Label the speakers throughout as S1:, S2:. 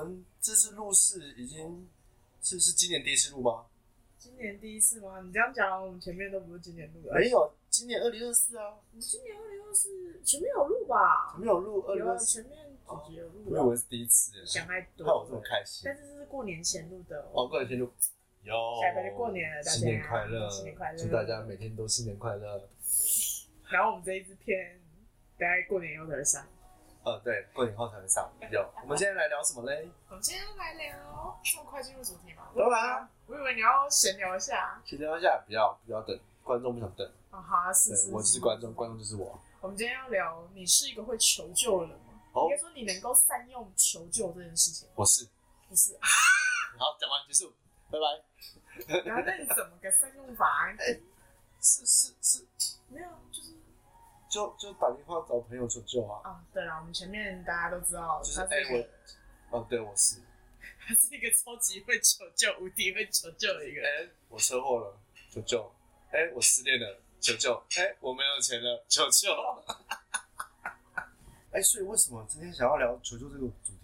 S1: 我們這次錄是已經是是今年第一次錄嗎？
S2: 今年第一次嗎？你這樣講，我們前面都不是今年錄的。沒有，今年二零二四啊。今年二零二四前面有錄吧？
S1: 前面有錄二零二四
S2: 前面直接有錄。我以為
S1: 是第一次。想太多。怕我這麼開心。
S2: 但是這是過年前錄的哦。過
S1: 年前錄有。
S2: 過年了，新年快樂，新年快樂，祝大家
S1: 每天都新年快樂。然
S2: 後我們這一支片大概過年的是上。
S1: 呃，對，過年後才會上。有，我們今天來聊什麼嘞？
S2: 我們今天來聊，這麼快進入主題？嗎？老闆啊，我以為你要閒聊一下。
S1: 閒聊一下，不要，不要等，觀眾不想等。啊哈，是是，我是觀眾，觀眾就是我。我們
S2: 今天要聊，你是一個會求救的人嗎？應該說，你能夠善用求救這件事情。我是。不是。
S1: 好，講完結束，拜拜。
S2: 然後，那你怎麼個善用法？是是是，沒有，就是。
S1: 就就打電話找朋友求救啊！Oh, 啊，
S2: 對啊，我們前面大家都知道，就是哎我，
S1: 哦，對，我是，
S2: 他是一個超級會求救、無敵會求救的一個。
S1: 哎、欸，我車禍了，求救！哎、欸，我失戀了，求救！哎、 欸，我沒有錢了，求救！哎、 欸，所以為什麼今天想要聊求救這個主題？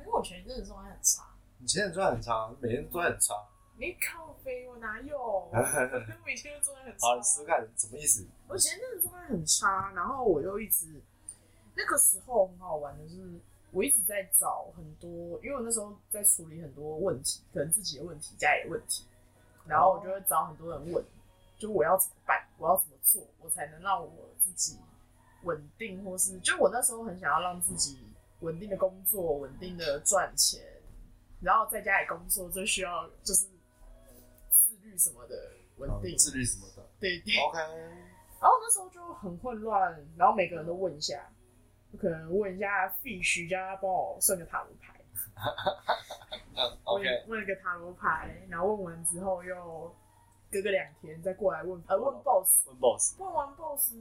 S1: 因
S2: 為我前一陣子狀態很差，
S1: 你前一陣子狀態很差，每天都很差。
S2: 沒咖啡，我哪有？我 每天的狀態很差，試試看，
S1: 什麼意思？我覺得那個狀態很差，然後我又一直
S2: 那個時候很好玩的，就是，我一直在找很多，因為我那時候在處理很多問題，可能自己的問題，家裡的問題，然後我就會找很多人問，oh. 就我要怎麼辦，我要怎麼做，我才能讓我自己穩定，或是就我那時候很想要讓自己穩定的工作，oh. 穩定的賺錢，然後在家裡工作就需要就是。什麼的穩定，自律什麼的，對,對對。OK，然後那時候就很混亂，然後每個人都問一下，嗯、可能問一下 Fish，叫他幫我算個塔羅牌。 嗯、OK，問了個塔羅牌，然後問完之後又隔個兩天再過來問，哦、呃，問 Boss，、哦、問 Boss，問完 Boss，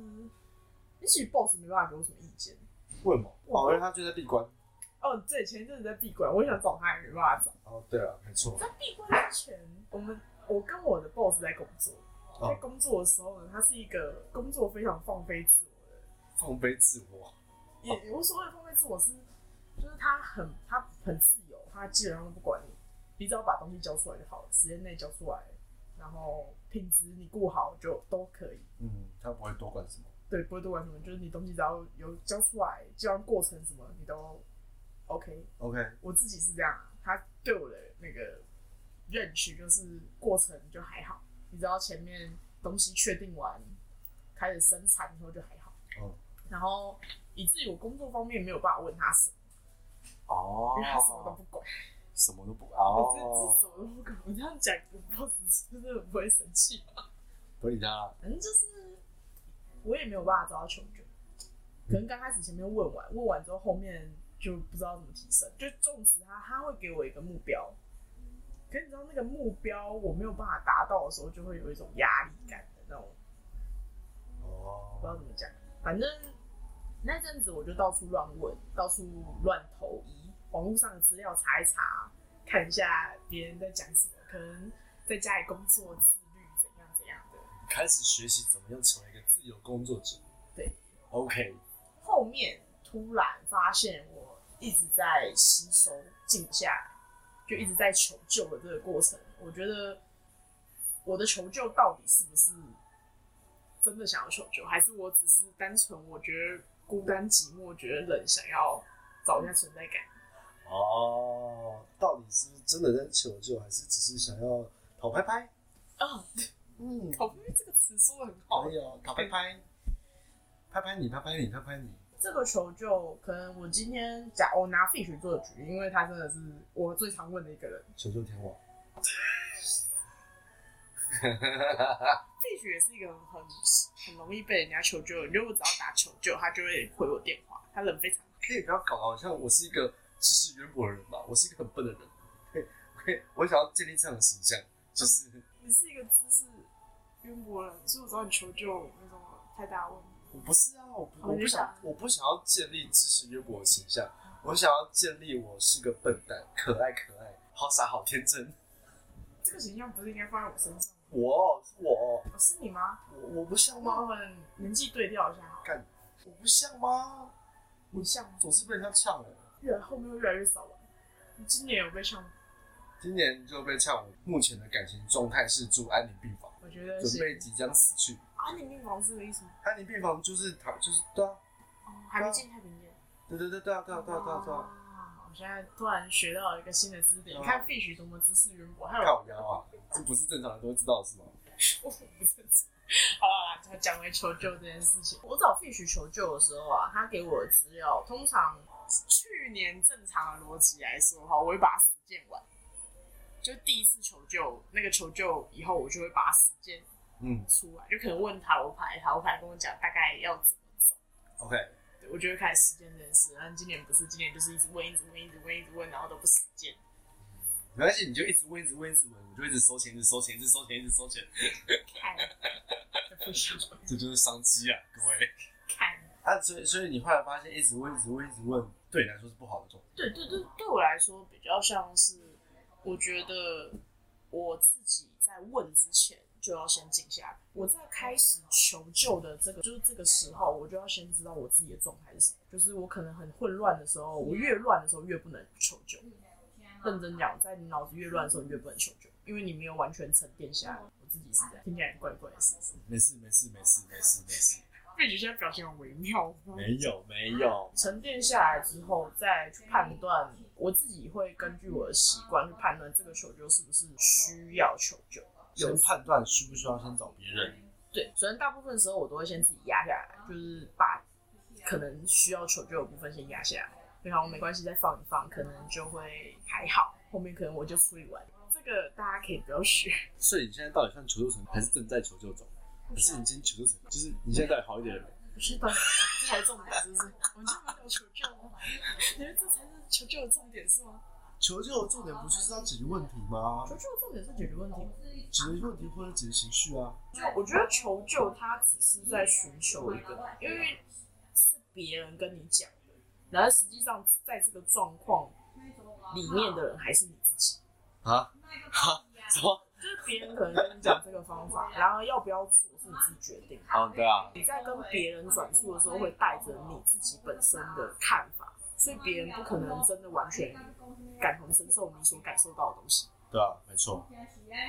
S2: 也許 Boss 沒辦法給我什麼意見。
S1: 問嘛吧，因為吧、哦、他就在閉
S2: 關。哦，對，前一陣子在閉關，我想找他也沒辦法找。
S1: 哦，對了、啊，沒錯。在閉
S2: 關之前，我們。我跟我的 boss 在工作，Oh. 在工作的時候呢，他是一個工作非常放飛自我的。
S1: 放飛自我。oh. 我說的
S2: 放飛自我，也無所謂放飛自我是，就是他很他很自由，他基本上不管你，你只要把東西交出來就好了，時間內交出來，然後品質你顧好就都可以。
S1: 嗯，他不會多管什麼。
S2: 對，不會多管什麼，就是你東西只要有交出來，交完過程什麼你都 OK
S1: OK。我自己
S2: 是這樣，他對我的那個。認識就是過程就還好，你知道前面東西確定完，開始生產以後就還好。哦。然後以至於我工作方面沒有辦法問他什
S1: 麼，哦。因為他什麼都不管。什麼都不管。哦。我這這
S2: 什麼都不管，這樣講我 boss 就是很不會生氣嗎？
S1: 不理對的 反
S2: 正就是我也沒有辦法找他求救，可能剛開始前面問完，問完之後後面就不知道怎麼提升，就重視他，他會給我一個目標。所以你知道那個目標我沒有辦法達到的時候，就會有一種壓力感的那種。哦，oh. 不知道怎麼講，反正那陣子我就到處亂問，到處亂投醫，網絡上的資料查一查，看一下別人在講什麼，可能在家裡工作自律怎樣怎樣的，
S1: 開始學習怎麼樣成為一個自由工作者。對，OK。
S2: 後面突然發現我一直在吸收、靜下。就一直在求救的這個過程，我覺得我的求救到底是不是真的想要求救，還是我只是單純我覺得孤單寂寞，覺得冷，想要找一下存在感？哦，
S1: 到底是，是真的在求救，還是只是想要討拍拍？啊，嗯，討拍拍這個詞說的很好，哎呀、嗯，討拍拍，拍拍你，拍拍你，拍拍你。
S2: 這個求救可能我今天假，我拿 Fish 做的做局，因為他真的是我最常問的一個人。
S1: 求救電話，哈哈哈哈
S2: 哈。Fish 也是一個很很容易被人家求救，你如
S1: 果只要打求救，他就會回我電話。他人非常可以不要搞好，好像我是一個知識淵博的人吧，我是一個很笨的人。我想要建立這樣的形象，就是、嗯、你是
S2: 一個知識淵博人，所以我找你求救沒什麼太大問題。我不是啊，我不、哦、我不想，想
S1: 我不想要建立知識淵博的形象，嗯、我想要建立我是個笨蛋，可愛可愛，好傻好天真。
S2: 這個形象不是應該放在我身上
S1: 我？我，是
S2: 我、哦，我是你嗎？我我不像嗎？年紀對調一下
S1: 好。看，我不像嗎？你像嗎像？總是被人家嗆人，
S2: 越來後面越來越少了。今年有被嗆？
S1: 今年就被嗆。我目前的感情狀態是住安寧病房，我覺得準備即將死去。
S2: 安寧病房是什麼意思？
S1: 安寧病房就是躺，就是對啊。
S2: 哦，啊、還沒進太平間。
S1: 對對對對啊對啊對啊對啊！我現
S2: 在突然學到了一個新的知識點，啊、你看 Fish 什麼知識淵博。看我
S1: 編話， 這不是正常人都會知道是嗎？ 我不
S2: 正常。好了好了，講回求救這件事情。我找 Fish 求救的時候啊，他給我的資料，通常去年正常的邏輯來說哈，我會把它實踐完。就第一次求救，那個求救以後，我就會把它實踐。嗯，出來就可能問塔羅牌，塔羅牌跟我講大概要怎麼走。OK，我覺得開始實踐這件事。然後今年不是今年，就是一直問，一直問，一直問，一直問，然後都不實踐。
S1: 沒關係，你就一直問，一直問，一直問，我就一直收錢，一直收錢，一直收錢，一直收錢。看，這就是商機啊，各位。看，啊，所以所以你後來發現，一直問，一直問，一直問，對你來說是不好的狀態。對對
S2: 對，對我來說比較像是，我覺得我自己在問之前。就要先靜下來。我在開始求救的這個，就是這個時候，我就要先知道我自己的狀態是什麼。就是我可能很混亂的時候，我越亂的時候越不能求救。認真講，在你腦子越亂的時候越不能求救，因為你沒有完全沉澱下來。我自己是這樣，聽起來怪怪的事沒事，
S1: 沒事沒事沒事沒事
S2: 沒事。Bing，現在表情很微妙沒。沒有沒有，沉澱下來之後再去判斷，我自己會根據我的習慣去判斷這個求救是不是需要求救。
S1: 有判斷需不需要先找別人？
S2: 對，所以大部分的時候我都會先自己壓下來，就是把可能需要求救的部分先壓下來。然後沒關係再放一放，可能就會還好。後面可能我就處理完。這個大家可
S1: 以不要學。所以你現在到底算求救成功還是正在求救中？不是你今天求救成功，就是你現在到底好一點了，不
S2: 是到底還重點，這才是重點，是不是？ 我就沒有求救了，你覺得這才是求救的重點是嗎？
S1: 求救的重點不就是要解決問題嗎？求救的重點是解決問題嗎，解決問題或者解決情緒啊。
S2: 就我覺得求救，他只是在尋求一個，因為是別人跟你講的，然而實際上在這個狀況裡面的人還是你自己啊。哈、啊？什麼？就是別人可能跟你講這個方法， 然而要不要做是你自己決定。啊，oh, 對啊。你在跟別人轉述的時候，會帶着你自己本身的看法。所以別人不可能真的完全感同身受你所感受到的東西。
S1: 對啊，沒錯。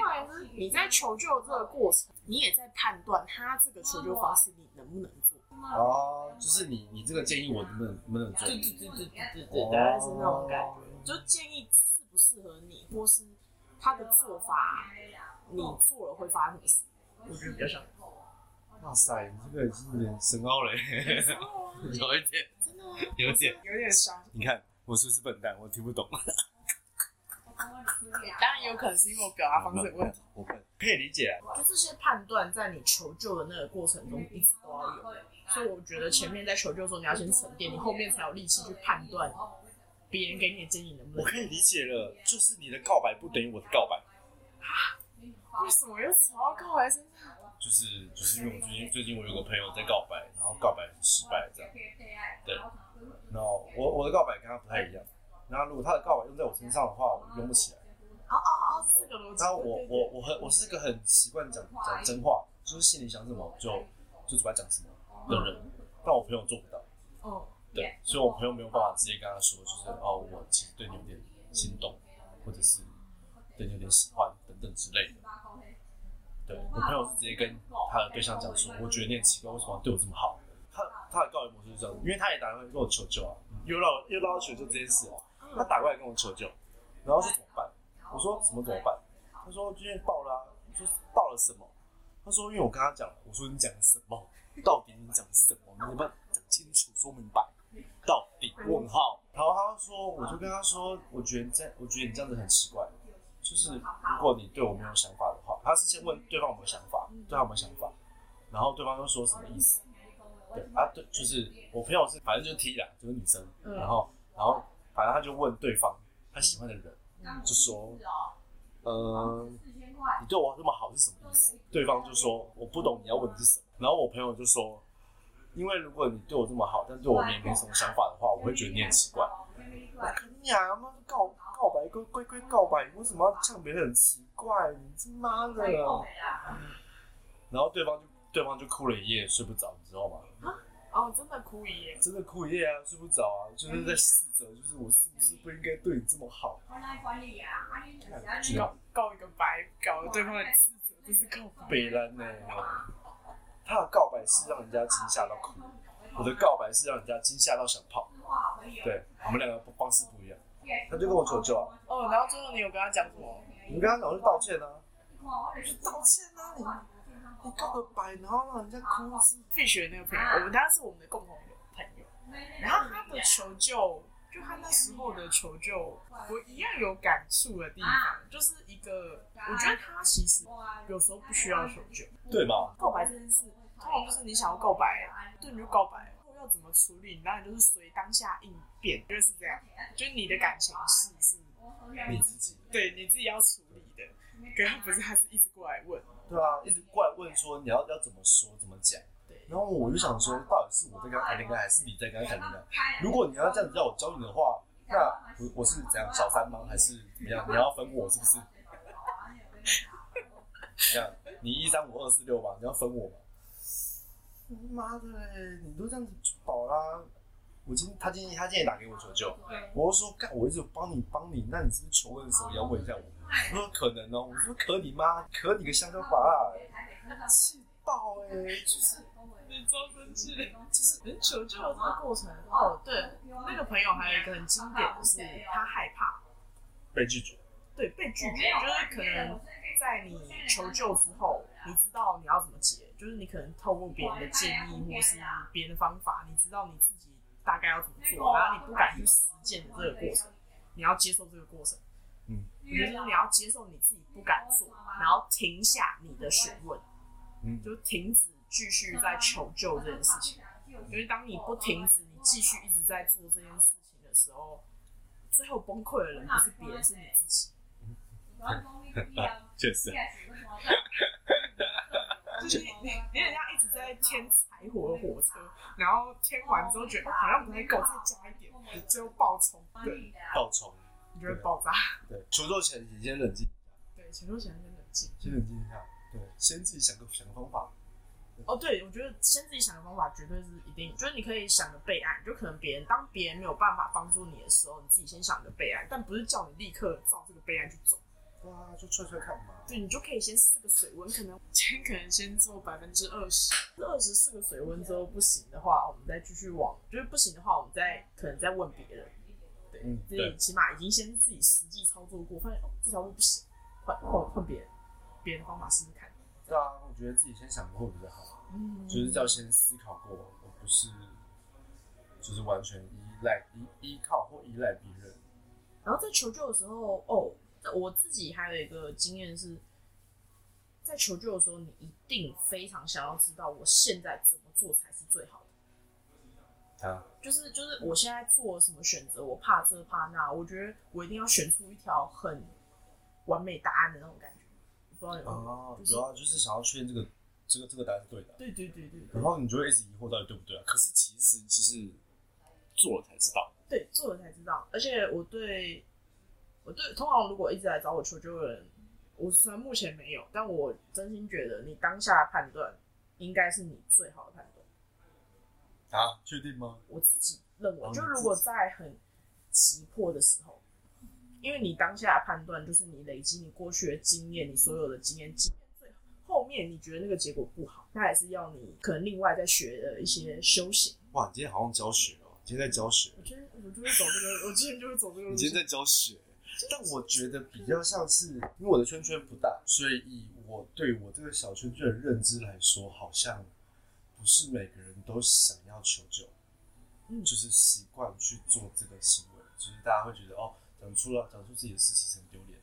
S1: 換
S2: 言之，你在求救這個過程，你也在判斷他這個求救方式你能不能做。哦、
S1: 呃，就是你你這個建議我能不能做？不能做？對
S2: 對對對對對，哦、大概是那種感覺，就建議適不適合你，或是他的做法，你做了會發生什
S1: 麼事？我覺得比較像，哇、啊、塞，你這個已經深奧嘞， 有一點。
S2: 有點，有點傷。你
S1: 看我是不是笨蛋？我聽不懂。 當
S2: 然有可能是因為我表達方式問題。我
S1: 笨，可以理解。
S2: 就這些判斷，在你求救的那個過程中，一直都要有的。所以我覺得前面在求救的時候，你要先沉澱，你後面才有力氣去判斷別人給你的建
S1: 議能不能。我可以理解了，就是你的告白不等於我的告白。啊？為
S2: 什麼又扯到告白身上？
S1: 就是，就是因為我最近最近我有個朋友在告白，然後告白失敗這樣。
S2: 對，
S1: 然後我我的告白跟他不太一樣。那、嗯、如果他的告白用在我身上的話，我用不起來。嗯、然後我我我很我是一個很習慣講講真話，就是心裡想什麼就就主要講什麼的人。嗯、但我朋友做不到。哦、嗯。對，所以我朋友沒有辦法直接跟他說，就是哦，我其實對你有點心動，或者是對你有點喜歡等等之類的。朋友是直接跟他的對象講說，我覺得你很奇怪，為什麼對我這麼好？他他的告白模式就是這樣，因為他也打電話跟我求救啊，又撈又撈求救這件事、啊、他打過來跟我求救，然後是怎麼辦？我說什麼怎麼辦？他說今天爆了、啊，就是爆了什麼？他說因為我跟他講，我說你講什麼？到底你講什麼？你能不能講清楚說明白？到底？問號？然後他說，我就跟他說，我覺得這，我覺得你這樣子很奇怪，就是如果你對我沒有想法。他是先問對方有沒有想法，嗯、對他有沒有想法，然後對方又說什麼意思？對啊，對，就是我朋友是反正就是 T 啦，就是女生，嗯、然後然後反正他就問對方他喜歡的人，嗯、就說，嗯，哦、
S2: 嗯，你對
S1: 我這麼好是什麼意思？對，對，對，對方就說我不懂你要問的是什麼。然後我朋友就說，因為如果你對我這麼好，但對我沒沒什麼想法的話，對我會覺得你很奇怪。我跟你講嘛，搞。告白哥乖乖告白，你為什麼要嗆別人很奇怪？你這媽的、啊！然後對方就對方就哭了一夜，睡不着，你知道嗎？
S2: 啊哦，真的哭一夜，
S1: 真的哭一夜啊，睡不着啊，就是在試着，就是我是不是不應該對你這麼好？
S2: 告告一個白，搞對方的自責，
S1: 這是告白了呢。啊、他的告白是讓人家驚嚇到哭，啊、我的告白是讓人家驚嚇到想跑。哇對，我們兩個。
S2: 他就跟我求救啊！哦，然後最後你有跟他講什麼？你
S1: 跟他講，我是道歉啊，
S2: 我是道歉啊你，你你告個白，然後讓人家哭是。Fish 那個朋友，我們當是我們的共同友的朋友，然後他的求救，就他那時候的求救，我一樣有感觸的地方，就是一個，我覺得他其實有時候不需要求救，對吧嗎？告白這件事，通常就是你想要告白，對你就告白。要怎麼處理？你當然就是隨當下應變，就是這樣。就是你的感情
S1: 是不是，你自己對你自己要處理的。對可是他不是，他是一直過來問。對啊，一直過來問說你要要怎麼說、怎麼講。對。然後我就想說，對到底是我在跟他談戀愛，還是你在跟他談戀愛？如果你要這樣子叫我教你的話，那我我是怎樣小三嗎？還是怎麼樣？你要分我是不是？ 你一三五二四六吧，你要分我嗎？媽的你都這樣子就啦！我今他今天他今天打給我求救，我說幹，我一直有幫你幫你，那你是不是求問的時候也要問一下我？我說可能哦，我說可你媽，可你個香蕉芭
S2: 樂氣爆哎，就是你裝生氣。就是，人求救這個過程，哦對，那個朋友還有一個很經典就是，他害怕被拒絕。對，被拒絕就是可能在你求救之後，你知道你要怎麼解。就是你可能透過別人的建議或是別人的方法，你知道你自己大概要怎麼做，然後你不敢去實踐的這個過程，你要接受這個過程，嗯，就是你要接受你自己不敢做，然後停下你的詢問，嗯，就停止繼續在求救這件事情，嗯、因為當你不停止，你繼續一直在做這件事情的時候，最後崩潰的人不是別人，是你自己，很棒！啊，謝謝、啊。 就是你，你你點像一直在添柴火的火車，然後添完之後覺得好像不太夠，再加一點，oh、my God, 最後爆衝。Oh、my God, 對，
S1: 爆衝衝，你覺得爆炸？對，求救前你先冷靜一下。
S2: 對，求救前,前先冷靜，先冷靜一下。
S1: 對，先自己想個想個方法。哦
S2: ，oh, 對，我覺得先自己想個方法，絕對是一定，就是你可以想個備案，就可能別人當別人沒有辦法幫助你的時候，你自己先想個備案，但不是叫你立刻照這個備案去走。就吹吹看嘛。對，你就可以先試個水溫，可能先可能先做百分之二十，二十試個水溫之後不行的話，我們再繼續往，就是不行的話，我們再對可能再問別人。對，自己、嗯、起碼已經先自己實際操作過，發現、喔、這條路不行，換換換別人別的方法
S1: 試試看。對啊，我覺得自己先想過比較好，嗯，就是要先思考過，而不是就是完全依賴依依靠、或依賴別人。
S2: 然後在求救的時候，哦、喔。我自己還有一個經驗是，在求救的時候，你一定非常想要知道我現在怎麼做才是最好的。就是、啊、就是，就是、我現在做什麼選擇，我怕這怕那，我覺得我一定要選出一條很完美答案的那種感覺。不知道有沒有哦，啊、就是、啊，就是
S1: 想要確認這個這個這個答案是對的。
S2: 對對對對，對對對
S1: 對。然後你就會一直疑惑到底對不對啊？可是其實其實做了才知道。
S2: 對，做了才知道。而且我對。我對，通常如果一直來找我求救的人，我雖然目前沒有，但我真心覺得你當下的判斷應該是你最好的判斷。
S1: 啊，確定嗎？我自己認為，就如果
S2: 在很急迫的時候，因為你當下的判斷就是你累積你過去的經驗，嗯、你所有的經驗，經驗最後面你覺得那個結果不好，那還是要你可能另外再學一些休息修
S1: 行。哇，你今天好像教學哦，你今天在教學。我
S2: 今我今天走這個，我今天就是走這個。你今天在
S1: 教學。 但我覺得比較像是，因為我的圈圈不大，所以以我對我這個小圈圈的認知來說，好像不是每個人都想要求救，嗯，就是習慣去做這個行為，就是大家會覺得哦，講出了講出自己的事情很丟臉，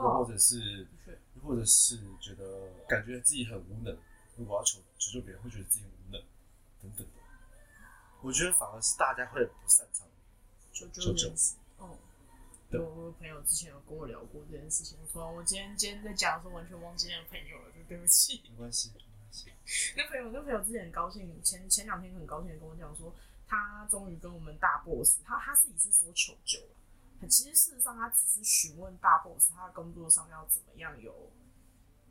S1: 又或者是，哦，或者是是，Okay. 或者是覺得感覺自己很無能，如果要求求救別人會覺得自己無能，等等的。我覺得反而是大家會不擅長求救，
S2: 我朋友之前有跟我聊過這件事情，突然我今天今天在講的時候完全忘記那個朋友了，就對
S1: 不起。沒關係，沒關係。
S2: 跟 朋友，跟朋友之前很高興，前前兩天很高興的跟我講說，他終於跟我們大 boss，他他自己是說求救了。其實事實上，他只是詢問大 boss，他的工作上要怎麼樣有，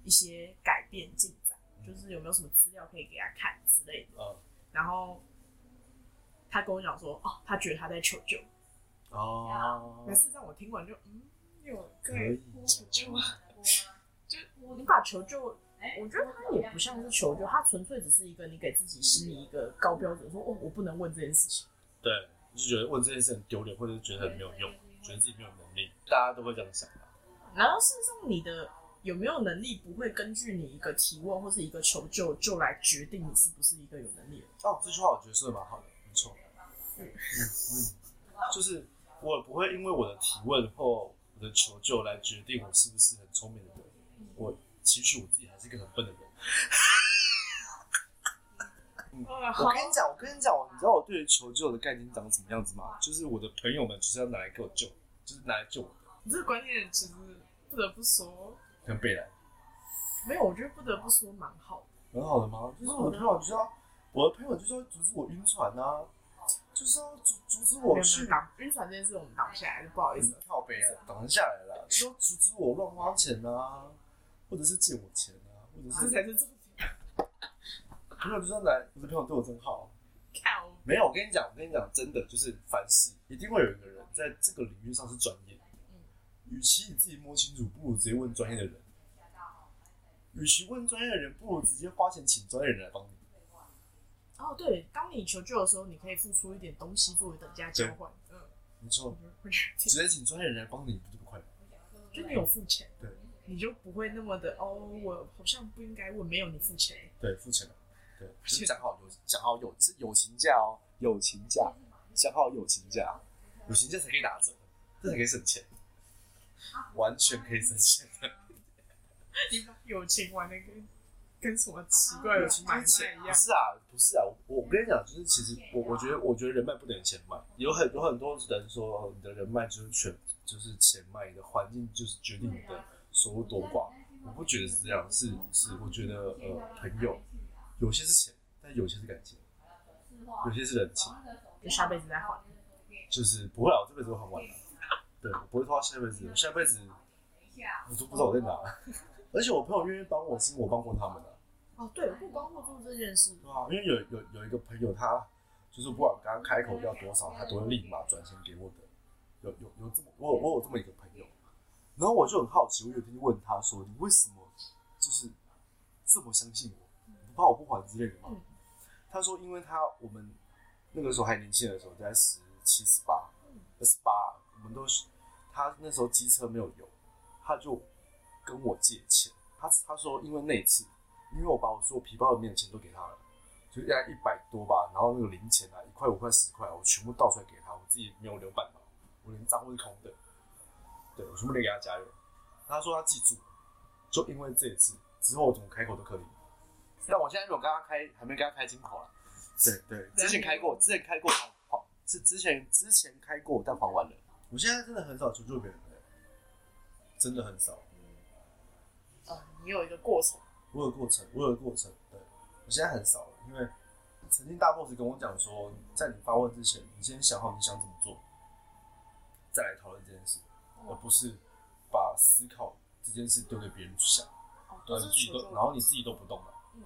S2: 一些改變進展，嗯、就是有沒有什麼資料可以給他看之類的。哦、然後他跟我講說，哦，他覺得他在求救。哦，每次讓我聽完就嗯，有對求救，啊。就你把求救，我覺得他也不像是求救，他純粹只是一個你給自己心裡一個高標準，的說哦，我不能問這件事情。
S1: 對，就覺得問這件事很丟臉，或者是覺得很沒有用，對覺得自己沒有能力，大家都會這樣想吧？
S2: 難道事實上你的有沒有能力不會根據你一個提問或是一個求救就來決定你是不是一個有能力
S1: 的？哦，這句話我覺得說蠻好的，沒錯，嗯是嗯， 就是。我不會因為我的提問或我的求救來決定我是不是很聰明的人。我其實我自己還是一個很笨的人。我跟你講，我跟你講，你知道我對於求救的概念長什麼樣子嗎？就是我的朋友們就是要拿來給我救，就是拿來救我
S2: 的。你這個觀念其實不得不說很悲哀。沒有，我覺得不得不說蠻好的。
S1: 蠻好的嗎？就是我的朋友就說我的朋友就說，只是我暈船吶、啊。
S2: 就是說阻阻止我去拿、嗯嗯、因船這件事我們擋
S1: 下來就不好意思。跳、嗯、杯了，擋、啊、下來了，就要阻止我亂花錢啊， 或者是借我錢啊，或者是才是重點。 朋友就說來，我的朋友對我真好、啊。靠沒有，我跟你講，我跟你講，真的就是凡事一定會有一個人在這個領域上是專業。嗯。與其你自己摸清楚，不如直接問專業的人。與、嗯、其問專業的人，不如直接花錢請專業人來幫你。
S2: 哦，對，當你求救的時候，你可以付出一點東西作為等價交換。嗯，
S1: 沒錯。直接請專業人來幫你，不就不快。
S2: 就你有付錢，對，你就不會那麼的哦。我好像不應該問，沒有你付錢。
S1: 對，付錢對，講好友，講好友，友情價哦，友情價，講好友情價，友情價才可以打折，這才可以省錢，完全可以省錢。你
S2: 把友情完全可以。跟什麼奇怪
S1: 的、啊啊啊啊、錢脈一樣？不是啊，不是啊，我我跟你講，就是其實我我覺得我覺得人脈不等於錢脈，有很多很多人說你的人脈就是全就是錢脈，你的環境就是決定你的收入多寡。啊、我不覺得是這樣，是是，我覺得呃朋友有些是錢，但有些是感情，有些是人情。就
S2: 下輩子再
S1: 還？就是不會啊，我這輩子都還完了、啊。以對，我不會拖到下輩子。下輩子
S2: 我都不知道我在哪。喔、
S1: 而且我朋友願意幫我，是，是我幫過他們的、啊。
S2: 哦，對，互幫互助這件事，對啊，因
S1: 為有有有一個朋友，他就是不管剛剛開口要多少，他都會立馬轉錢給我的。有有有這麼，我有我有這麼一個朋友，然後我就很好奇，我有天就問他說：“你為什麼就是這麼相信我？不怕我不還之類的嗎？”嗯、他說：“因為他我們那個時候還年輕的時候，在十七十八，嗯、二十八，我們都是他那時候機車沒有油，他就跟我借錢。他他說因為那一次。”因為我把我所有皮包裡面的錢都給他了，就大概一百多吧，然後那個零錢啊，一塊五塊十塊，我全部倒出來給他，我自己沒有留半毛，我連賬戶是空的，對，我全部都給他加油。他說他記住，就因為這一次之後我怎麼開口都可以。但我現在沒有跟他開，還沒跟他開金口啊？對對，之前開過，之前開過還、哦，是之前之前開過，但還完了。我現在真的很少求助別人，真的很少。嗯，啊，你有一個過程。我有過程，我有過程。對，我現在很少了，因為曾經大 boss 跟我講說，在你發問之前，你先想好你想怎麼做，再來討論這件事，嗯、而不是把思考這件事丟給別人去想，哦、然後你自己都，然後你自己都不動了。嗯、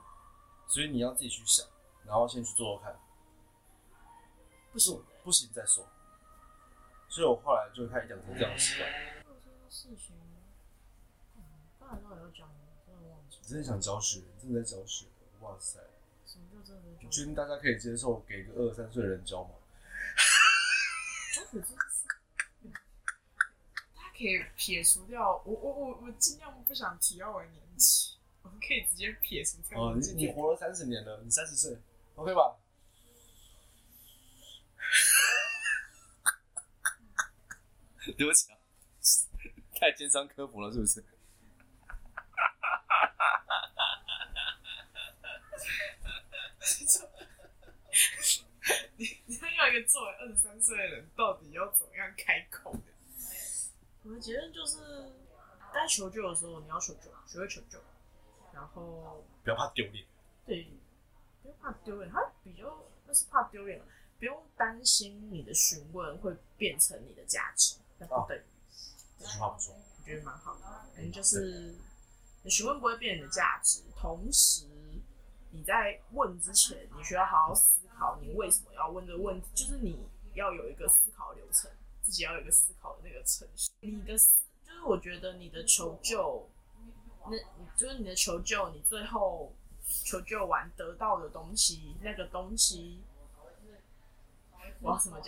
S1: 所以你要自己去想，然後先去做做看。不行。不行，再說。嗯、所以我後來就會開始養成這樣的習慣。
S2: 事情，嗯，然有講。
S1: 真的想教學，真的在教學，哇塞！
S2: 你覺
S1: 得大家可以接受給一個二十三歲的人教嗎？大家 可
S2: 以撇除掉我，我我我盡量不想提到我年紀，我們
S1: 可以直接撇除掉。哦，你你活了三十年了，你三十歲，OK 吧？對不起，太尖酸刻薄了，是不是？
S2: 你你要一個作為二十三歲的人，到底要怎麼樣開口的對 我的結論就是，該求救的時候你要求救，學會求救，然後
S1: 不要怕丟臉。
S2: 對，不要怕丟臉，他比較那、就是怕丟臉，不用擔心你的詢問會變成你的價值，
S1: 那不等於這句話不錯，我覺得
S2: 蠻好的，反正就是對你詢問不會變你的價值，同時。你在問之前，你需要好好思考你為什麼要問這個問題，就是你要有一個思考流程，自己要有一個思考的那個程序。你的思，就是我覺得你的求救，那，就是你的求救，你最後求救完得到的東西，那個東西，我要怎麼講？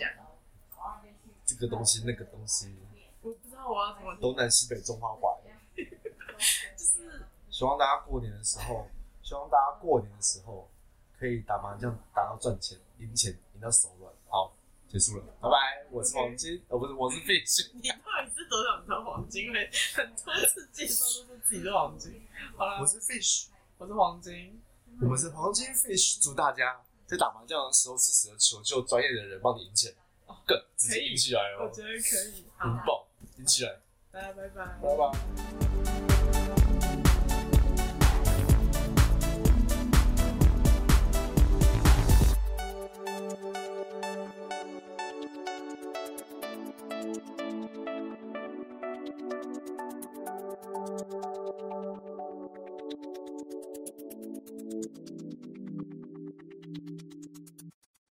S1: 這個東西，那個東西，嗯、
S2: 我不知道我要怎麼。東
S1: 南西北中，花花。就是希望大家過年的時候。 希望大家過年的時候可以打麻將打到賺錢，贏錢贏到手軟。好，結束了，拜拜。我是黃金，哦不是，我是 Fish。你到底是多少條黃金？很多是技術，都是自己的黃金？好啦，我是 Fish，我是黃金，我們是黃金 Fish。祝大家在打麻將的時候，適時的求救專業的人幫你贏錢，更直接贏起來哦。我覺得可以，很棒，贏起來。拜拜拜拜。